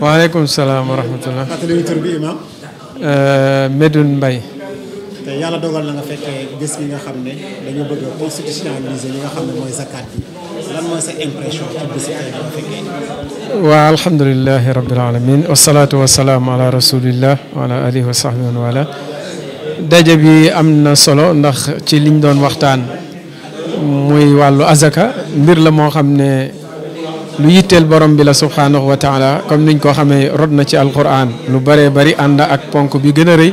waaleykum salaam wa rahmatullah. fàttali tur bi imam. Euh, Medoune Mbaye. te yàlla dogal na nga fekkee bés bi nga xam ne dañoo bëgg a constitutionnaliser nga xam ne mooy zakat bi lan mooy sa impression ci bés nga fekkee. waaw alhamdulilahi rabbil alamin wasalaatu wasalaam ala rasulillah wa ala alihi wa sahbihi wa daje bi am na solo ndax ci liñ doon waxtaan muy wàllu azaka mbir la moo xam ne. lu yitteel borom bi la subhaanahu wa taala comme niñ ko xamee rod na ci alquran lu bëree bari ànd ak ponk bi gën a rëy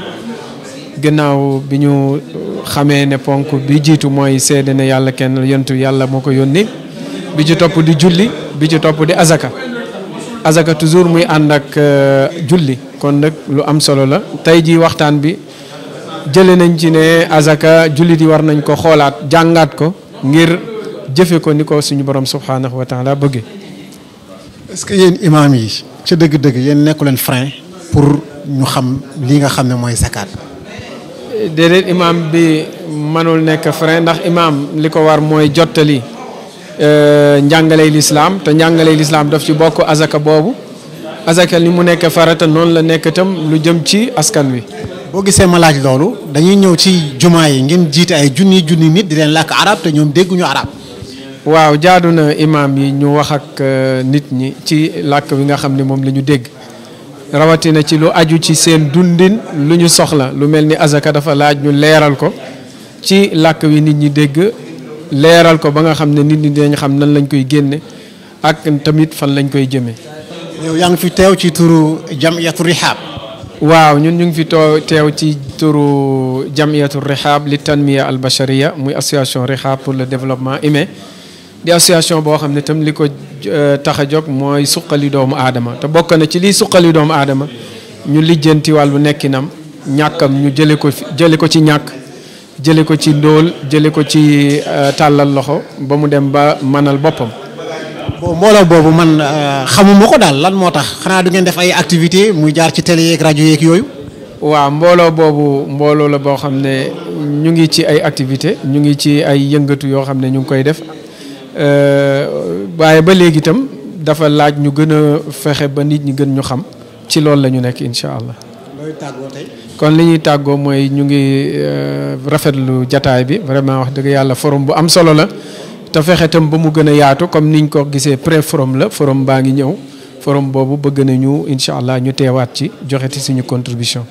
gannaaw bi ñu xamee ne ponk bi jiitu mooy seede ne yàlla kenn yontu yàlla moo ko yónni bi ci topp di julli bi ci topp di azaka azaka toujours muy ànd ak euh, julli kon nag lu am solo la tey ji waxtaan bi jële nañ ci ne azaka jullit yi war nañ ko xoolaat jàngaat ko ngir jëfe ko ni ko suñu borom subhaanahu wa taala bëgge est-ce que yéen imaam yi ca dëgg-dëgg yéen nekku leen frein pour ñu xam li nga xam ne mooy zakaat. déedéet imaam bi mënul nekk frein ndax imaam li ko war mooy jottali euh, njàngaley lislaam te njàngaley lislaam def ci bokk azaka boobu azaka ni mu nekk farata noonu la nekk itam lu jëm ci askan wi. boo gisee ma laaj loolu dañuy ñëw ci jumaa yi ngeen jiite ay junni junni nit di leen làkk arab te ñoom dégguñu arab waaw jaadu na imaam yi ñu wax ak euh, nit ñi ci làkk bi nga xam ni moom lañu dégg rawatina ci lu aju ci seen dundin lu ñu soxla lu mel ni azaka dafa laaj ñu leeral ko ci làkk wi nit ñi dégg leeral ko ba nga xam ne nit ñi dinañ xam nan lañ koy génne ak tamit fan lañ koy jëmee. yow yaa ngi fi teew ci turu jamiyatu rihab. waaw ñun ñu ngi fi too teew ci turu jamiyatu rihab li tanmiya al bashariya muy association rihab pour le développement humain. di association boo xam ne tam li ko euh, tax a jóg mooy suqali doomu aadama te bokk na ci liy suqali doomu aadama ñu lijjanti wàllu nekkinam ñàkkam ñu jële ko jële ko ci ñàkk jële ko ci ndóol jële ko ci euh, tàllal loxo ba mu dem ba mënal boppam mbooloo boobu man euh, xamuma ko daal lan moo tax xanaa du ngeen def ay activité muy jaar ci télé yeeg rajo yeeg yooyu waaw mbooloo boobu mbooloo la boo xam ne ñu ngi ci ay activité ñu ngi ci ay yëngatu yoo xam ne ñu ngi koy def Euh, waaye ba léegi itam dafa laaj ñu gën a fexe ba nit ñi gën ñu xam ci loolu la ñu nekk incha allah. looy tàggoo kon li ñuy tàggoo mooy ñu ngi euh, rafetlu jataay bi vraiment wax dëgg yàlla forum bu am solo la te fexe tam ba mu gën a yaatu comme niñ ko gisee pré forum la forum baa ngi ñëw forum boobu bëgg nañu incha allah ñu teewaat ci joxe ci suñu contribution.